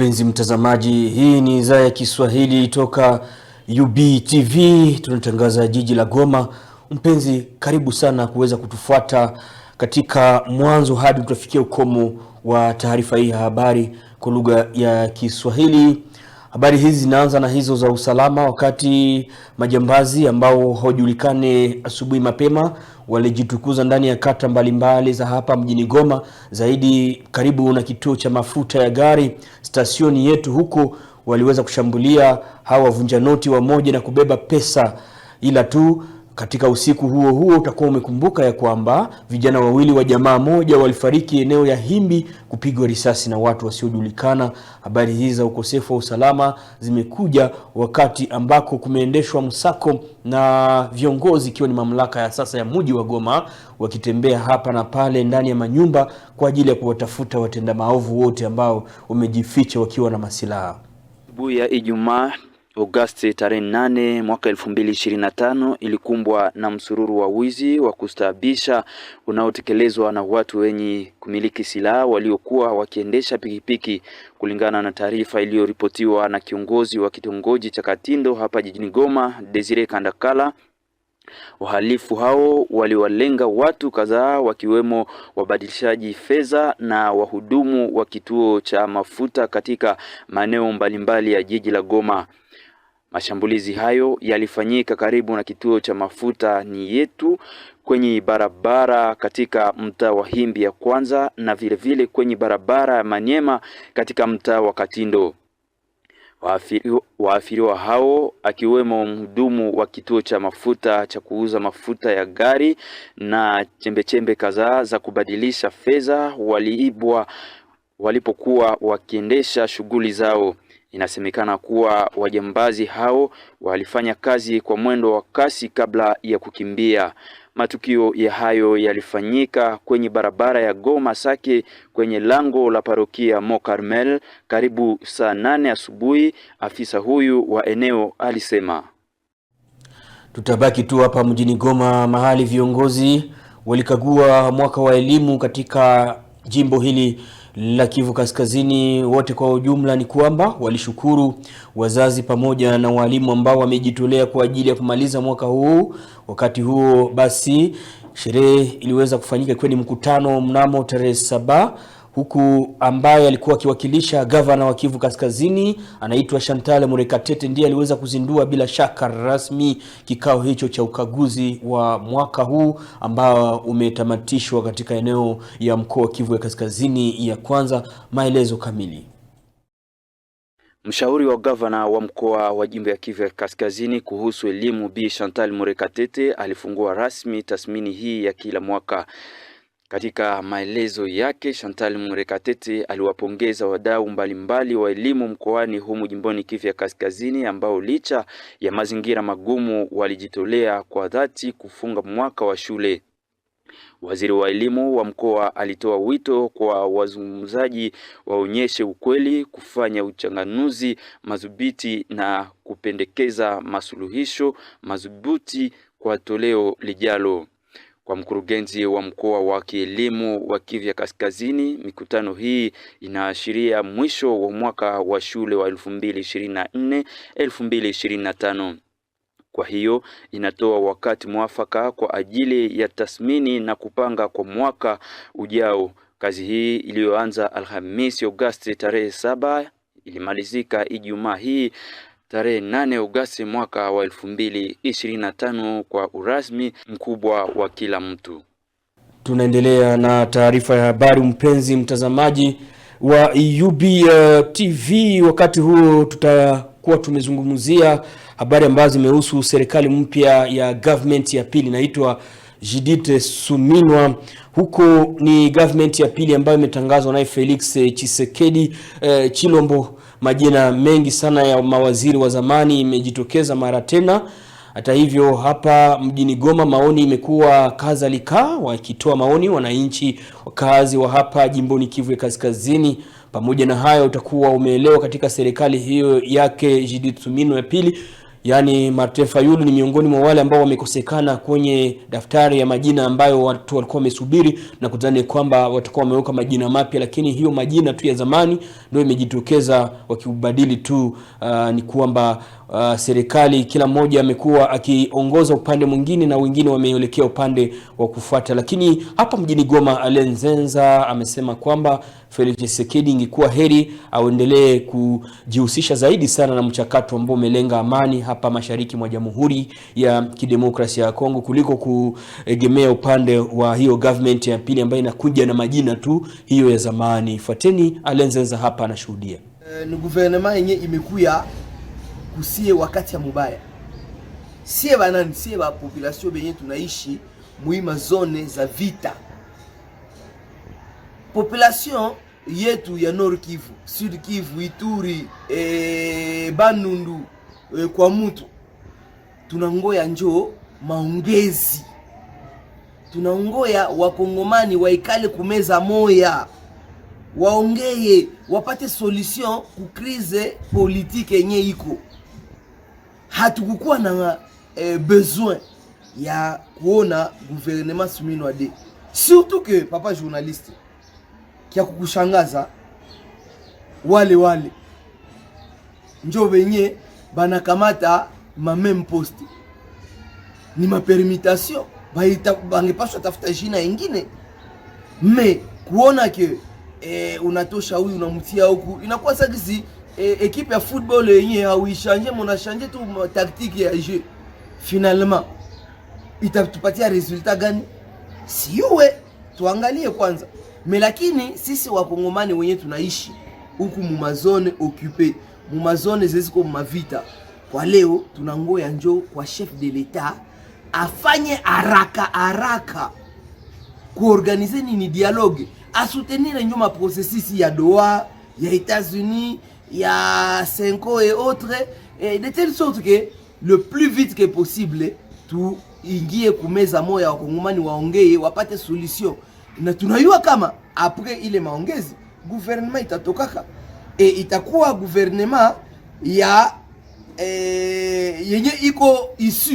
Mpenzi mtazamaji, hii ni idhaa ya Kiswahili toka UBTV, tunatangaza jiji la Goma. Mpenzi, karibu sana kuweza kutufuata katika mwanzo hadi tutafikia ukomo wa taarifa hii ya habari kwa lugha ya Kiswahili. Habari hizi zinaanza na hizo za usalama, wakati majambazi ambao hawajulikane asubuhi mapema walijitukuza ndani ya kata mbalimbali za hapa mjini Goma, zaidi karibu na kituo cha mafuta ya gari stasioni yetu huko, waliweza kushambulia hawa wavunja noti wa moja na kubeba pesa ila tu katika usiku huo huo utakuwa umekumbuka ya kwamba vijana wawili wa jamaa moja walifariki eneo ya Himbi kupigwa risasi na watu wasiojulikana. Habari hizi za ukosefu wa usalama zimekuja wakati ambako kumeendeshwa msako na viongozi, ikiwa ni mamlaka ya sasa ya mji wa Goma, wakitembea hapa na pale ndani ya manyumba kwa ajili ya kuwatafuta watenda maovu wote ambao wamejificha wakiwa na masilaha. Asubuhi ya Ijumaa Agosti tarehe nane mwaka tano ilikumbwa na msururu wa wizi wa kustaabisha unaotekelezwa na watu wenye kumiliki silaha waliokuwa wakiendesha pikipiki, kulingana na taarifa iliyoripotiwa na kiongozi wa kitongoji cha Katindo hapa jijini Goma, Desire Kandakala. Wahalifu hao waliwalenga watu kadhaa wakiwemo wabadilishaji fedha na wahudumu wa kituo cha mafuta katika maeneo mbalimbali ya jiji la Goma. Mashambulizi hayo yalifanyika karibu na kituo cha mafuta ni yetu kwenye barabara katika mtaa wa Himbi ya kwanza na vile vile kwenye barabara ya Manyema katika mtaa wa Katindo. Waathiriwa hao akiwemo mhudumu wa kituo cha mafuta cha kuuza mafuta ya gari na chembechembe kadhaa za kubadilisha fedha waliibwa walipokuwa wakiendesha shughuli zao. Inasemekana kuwa wajambazi hao walifanya kazi kwa mwendo wa kasi kabla ya kukimbia. Matukio ya hayo yalifanyika kwenye barabara ya Goma Sake kwenye lango la parokia Mo Carmel karibu saa nane asubuhi, afisa huyu wa eneo alisema. Tutabaki tu hapa mjini Goma, mahali viongozi walikagua mwaka wa elimu katika jimbo hili la Kivu Kaskazini wote kwa ujumla ni kwamba walishukuru wazazi pamoja na walimu ambao wamejitolea kwa ajili ya kumaliza mwaka huu. Wakati huo basi, sherehe iliweza kufanyika ikiwa ni mkutano mnamo tarehe saba huku ambaye alikuwa akiwakilisha gavana wa Kivu Kaskazini anaitwa Chantal Murekatete ndiye aliweza kuzindua bila shaka rasmi kikao hicho cha ukaguzi wa mwaka huu ambao umetamatishwa katika eneo ya mkoa wa Kivu ya Kaskazini ya kwanza. Maelezo kamili. Mshauri wa gavana wa mkoa wa jimbo ya Kivu ya Kaskazini kuhusu elimu Bi Chantal Murekatete alifungua rasmi tathmini hii ya kila mwaka. Katika maelezo yake, Chantal Murekatete aliwapongeza wadau mbalimbali wa elimu mkoani humu jimboni Kivu ya Kaskazini ambao licha ya mazingira magumu walijitolea kwa dhati kufunga mwaka wa shule. Waziri wa elimu wa mkoa alitoa wito kwa wazungumzaji waonyeshe ukweli, kufanya uchanganuzi madhubuti na kupendekeza masuluhisho madhubuti kwa toleo lijalo. Kwa mkurugenzi wa mkoa wa kielimu wa Kivya Kaskazini, mikutano hii inaashiria mwisho wa mwaka wa shule wa 2024 2025. Kwa hiyo inatoa wakati mwafaka kwa ajili ya tathmini na kupanga kwa mwaka ujao. Kazi hii iliyoanza Alhamisi Agosti tarehe saba ilimalizika Ijumaa hii tarehe nane Agosti mwaka wa tano kwa urasmi mkubwa wa kila mtu. Tunaendelea na taarifa ya habari, mpenzi mtazamaji wa e UB eh, TV. Wakati huo tutakuwa tumezungumzia habari ambazo zimehusu serikali mpya ya government ya pili inaitwa Judith Suminwa. Huko ni government ya pili ambayo imetangazwa naye Felix Chisekedi eh, Chilombo majina mengi sana ya mawaziri wa zamani imejitokeza mara tena. Hata hivyo hapa mjini Goma maoni imekuwa kadhalika, wakitoa maoni wananchi wakazi wa hapa jimboni Kivu ya Kaskazini. Pamoja na hayo, utakuwa umeelewa katika serikali hiyo yake Judith Suminwa ya pili Yaani Martin Fayulu ni miongoni mwa wale ambao wamekosekana kwenye daftari ya majina ambayo watu walikuwa wamesubiri na kudhani kwamba watakuwa wameweka majina mapya, lakini hiyo majina tu ya zamani ndio imejitokeza wakiubadili tu uh, ni kwamba uh, serikali kila mmoja amekuwa akiongoza upande mwingine na wengine wameelekea upande wa kufuata. Lakini hapa mjini Goma, Alen Zenza amesema kwamba Felix Tshisekedi ingekuwa heri auendelee kujihusisha zaidi sana na mchakato ambao umelenga amani hapa mashariki mwa Jamhuri ya Kidemokrasia ya Kongo kuliko kuegemea upande wa hiyo government ya pili ambayo inakuja na majina tu hiyo ya zamani. Fuateni Alenzenza hapa anashuhudia. E, ni gouvernement yenye imekuya tusiigusie wakati ya mubaya, sie banani, sie ba population benye tunaishi muima zone za vita. Population yetu ya Nord Kivu, Sud Kivu, Ituri, e, Bandundu e, eh, kwa mutu tunangoya njo maongezi, tunangoya wakongomani waikale kumeza moya waongeye wapate solution ku crise politique yenye iko hatukukuwa na eh, besoin ya kuona gouvernement suminwade, surtout que papa journaliste, kia kukushangaza wale wale njo benye banakamata ma meme poste ni mapermitation bangepaswa tafuta jina ingine me kuona ke eh, unatosha huyu unamtia huku inakuwa sagisi e, ya football yenye hauichange, munachange tu tactique ya jeu, finalement itatupatia resultat gani? Siuwe tuangalie kwanza me, lakini sisi wakongomani wenye tunaishi huku mumazone occupe mumazone zeziko mumavita, kwa leo tunangoya njo kwa chef de l'etat afanye haraka haraka kuorganize nini dialogue, asutenire njo maprosesisi ya doa ya Etats-Unis il y a ans et autres, et de telle sorte que le plus vite que possible, tu ingie kumeza moya wa Kongomani waongee, wapate solution, na tunajua kama après ile maongezi gouvernement itatokaka e itakuwa gouvernement ya e, yenye iko isu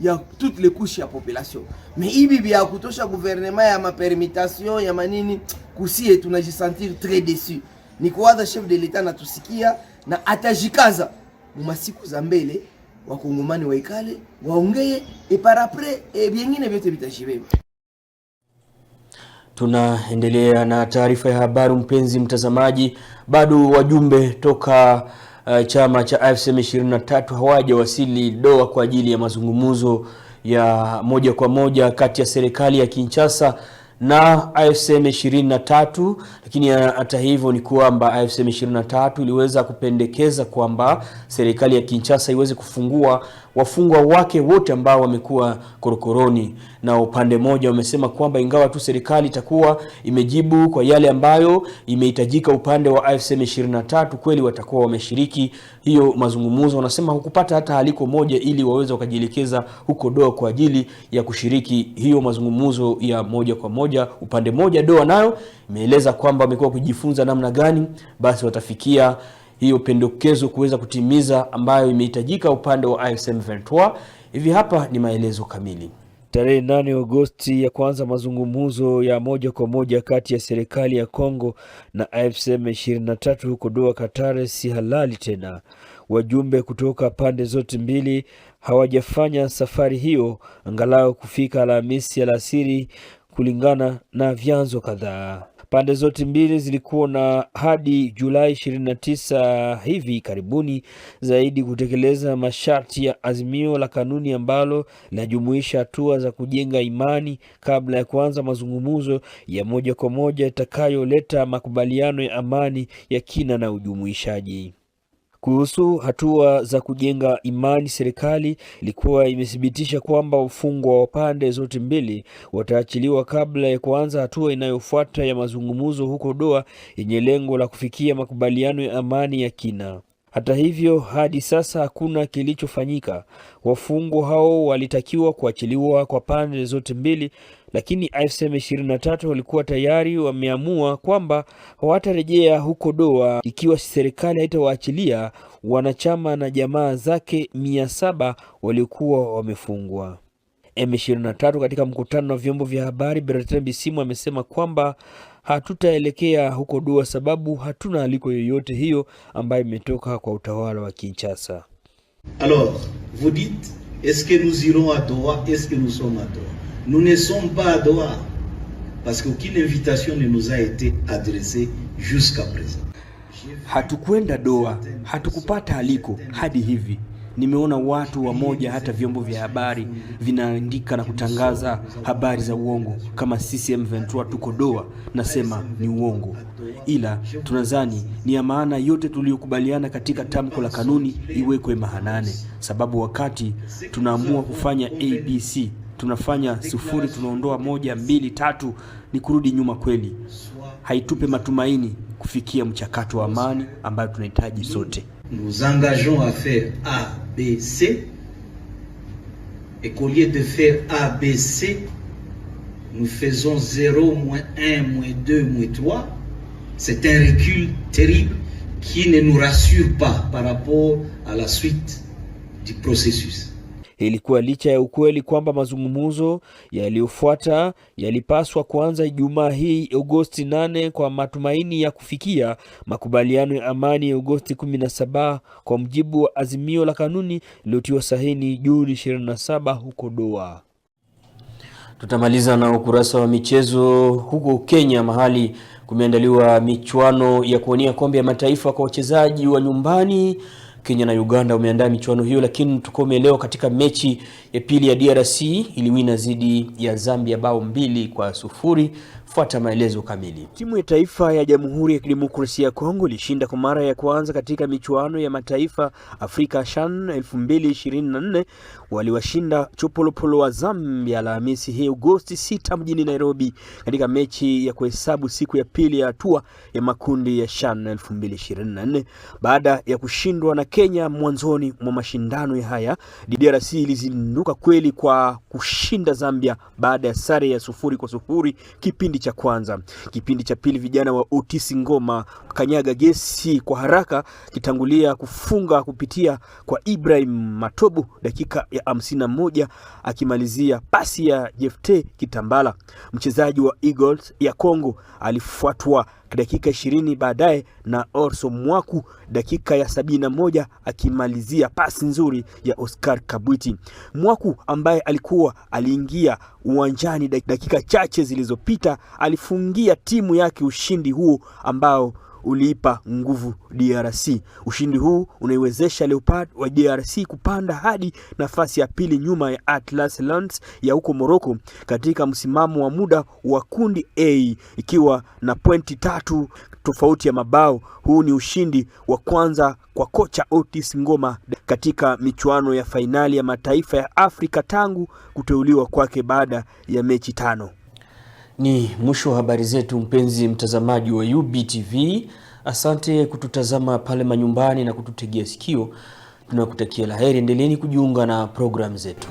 ya toutes les couches de la population. Me a ya kutosha gouvernement ya mapermutation ya manini kusie, tunajisentir très déçu ni kuwaza chef de l'etat natusikia na atajikaza mumasiku za mbele wakongomani waikale waongee eparapre e eh, vyengine vyote vitashibeba. Tunaendelea na taarifa ya habari, mpenzi mtazamaji. Bado wajumbe toka uh, chama cha AFC M23 hawajawasili Doha kwa ajili ya mazungumzo ya moja kwa moja kati ya serikali ya Kinshasa na AFC M23, lakini hata hivyo ni kwamba AFC M23 iliweza kupendekeza kwamba serikali ya Kinshasa iweze kufungua wafungwa wake wote ambao wamekuwa korokoroni. Na upande mmoja wamesema kwamba ingawa tu serikali itakuwa imejibu kwa yale ambayo imehitajika upande wa afc 23 kweli watakuwa wameshiriki hiyo mazungumzo. Wanasema hukupata hata haliko moja ili waweze wakajielekeza huko doa kwa ajili ya kushiriki hiyo mazungumzo ya moja kwa moja. Upande mmoja Doha nayo imeeleza kwamba wamekuwa kujifunza namna gani basi watafikia hiyo pendekezo kuweza kutimiza ambayo imehitajika upande wa AFC Ventura. Hivi hapa ni maelezo kamili. Tarehe 8 Agosti ya kwanza mazungumzo ya moja kwa moja kati ya serikali ya Kongo na AFC M23 huko Doha, Qatar si halali tena. Wajumbe kutoka pande zote mbili hawajafanya safari hiyo angalau kufika Alhamisi alasiri, kulingana na vyanzo kadhaa. Pande zote mbili zilikuwa na hadi Julai 29 hivi karibuni zaidi kutekeleza masharti ya azimio la kanuni ambalo linajumuisha hatua za kujenga imani kabla ya kuanza mazungumzo ya moja kwa moja itakayoleta makubaliano ya amani ya kina na ujumuishaji. Kuhusu hatua za kujenga imani, serikali ilikuwa imethibitisha kwamba wafungwa wa pande zote mbili wataachiliwa kabla ya kuanza hatua inayofuata ya mazungumzo huko Doha yenye lengo la kufikia makubaliano ya amani ya kina. Hata hivyo, hadi sasa hakuna kilichofanyika. Wafungwa hao walitakiwa kuachiliwa kwa pande zote mbili, lakini AFC M23 walikuwa tayari wameamua kwamba hawatarejea huko Doha ikiwa serikali haitawaachilia wanachama na jamaa zake mia saba waliokuwa wamefungwa. M23 katika mkutano na vyombo vya habari Bertrand Bisimwa amesema kwamba hatutaelekea huko Dua sababu hatuna aliko yoyote hiyo ambayo imetoka kwa utawala wa Kinshasa. Alors, vous dites, est-ce que nous irons à Doha, est-ce que nous sommes à Doha? Nous ne sommes pas à Doha parce que aucune invitation ne nous a été adressée jusqu'à présent. Hatukwenda Doha, hatukupata aliko hadi hivi. Nimeona watu wamoja, hata vyombo vya habari vinaandika na kutangaza habari za uongo kama CCM Ventura tuko doa. Nasema ni uongo, ila tunadhani ni ya maana yote tuliyokubaliana katika tamko la kanuni iwekwe mahanane, sababu wakati tunaamua kufanya ABC tunafanya sufuri, tunaondoa moja, mbili, tatu, ni kurudi nyuma kweli. Haitupe matumaini kufikia mchakato wa amani ambayo tunahitaji sote. Nous engageons à faire a B, et qu'au lieu de faire ABC, nous faisons 0, moins 1, moins 2, moins 3, c'est un recul terrible qui ne nous rassure pas par rapport à la suite du processus. ilikuwa licha ya ukweli kwamba mazungumzo yaliyofuata yalipaswa kuanza Ijumaa hii Agosti 8 kwa matumaini ya kufikia makubaliano ya amani ya Agosti 17 kwa mujibu wa azimio la kanuni lililotiwa sahini Juni 27 huko Doha. Tutamaliza na ukurasa wa michezo huko Kenya, mahali kumeandaliwa michuano ya kuwania kombe ya mataifa kwa wachezaji wa nyumbani Kenya na Uganda wameandaa michuano hiyo, lakini tulikuwa umeelewa katika mechi ya pili ya DRC iliwina dhidi ya Zambia bao mbili kwa sufuri Fuata maelezo kamili. Timu ya taifa ya Jamhuri ya Kidemokrasia ya Kongo ilishinda kwa mara ya kwanza katika michuano ya mataifa Afrika CHAN 2024. Waliwashinda Chopolopolo wa Zambia Alhamisi hii Agosti 6 mjini Nairobi katika mechi ya kuhesabu siku ya pili ya hatua ya makundi ya CHAN 2024 baada ya kushindwa na Kenya mwanzoni mwa mashindano haya. DRC ilizinduka kweli kwa kushinda Zambia baada ya sare ya sufuri kwa sufuri kipindi cha kwanza. Kipindi cha pili, vijana wa otisi Ngoma kanyaga gesi kwa haraka, kitangulia kufunga kupitia kwa Ibrahim Matobu dakika ya hamsini na moja, akimalizia pasi ya Jefte Kitambala, mchezaji wa Eagles ya Kongo alifuatwa dakika 20 baadaye na Orso Mwaku dakika ya sabini na moja akimalizia pasi nzuri ya Oscar Kabwiti. Mwaku ambaye alikuwa aliingia uwanjani dakika chache zilizopita alifungia timu yake ushindi huo ambao uliipa nguvu DRC. Ushindi huu unaiwezesha Leopard wa DRC kupanda hadi nafasi ya pili nyuma ya Atlas Lions ya huko Morocco katika msimamo wa muda wa kundi A ikiwa na pointi tatu tofauti ya mabao. Huu ni ushindi wa kwanza kwa kocha Otis Ngoma katika michuano ya fainali ya mataifa ya Afrika tangu kuteuliwa kwake baada ya mechi tano. Ni mwisho wa habari zetu, mpenzi mtazamaji wa UBTV. Asante kututazama pale manyumbani na kututegea sikio. Tunakutakia laheri, endeleeni kujiunga na programu zetu.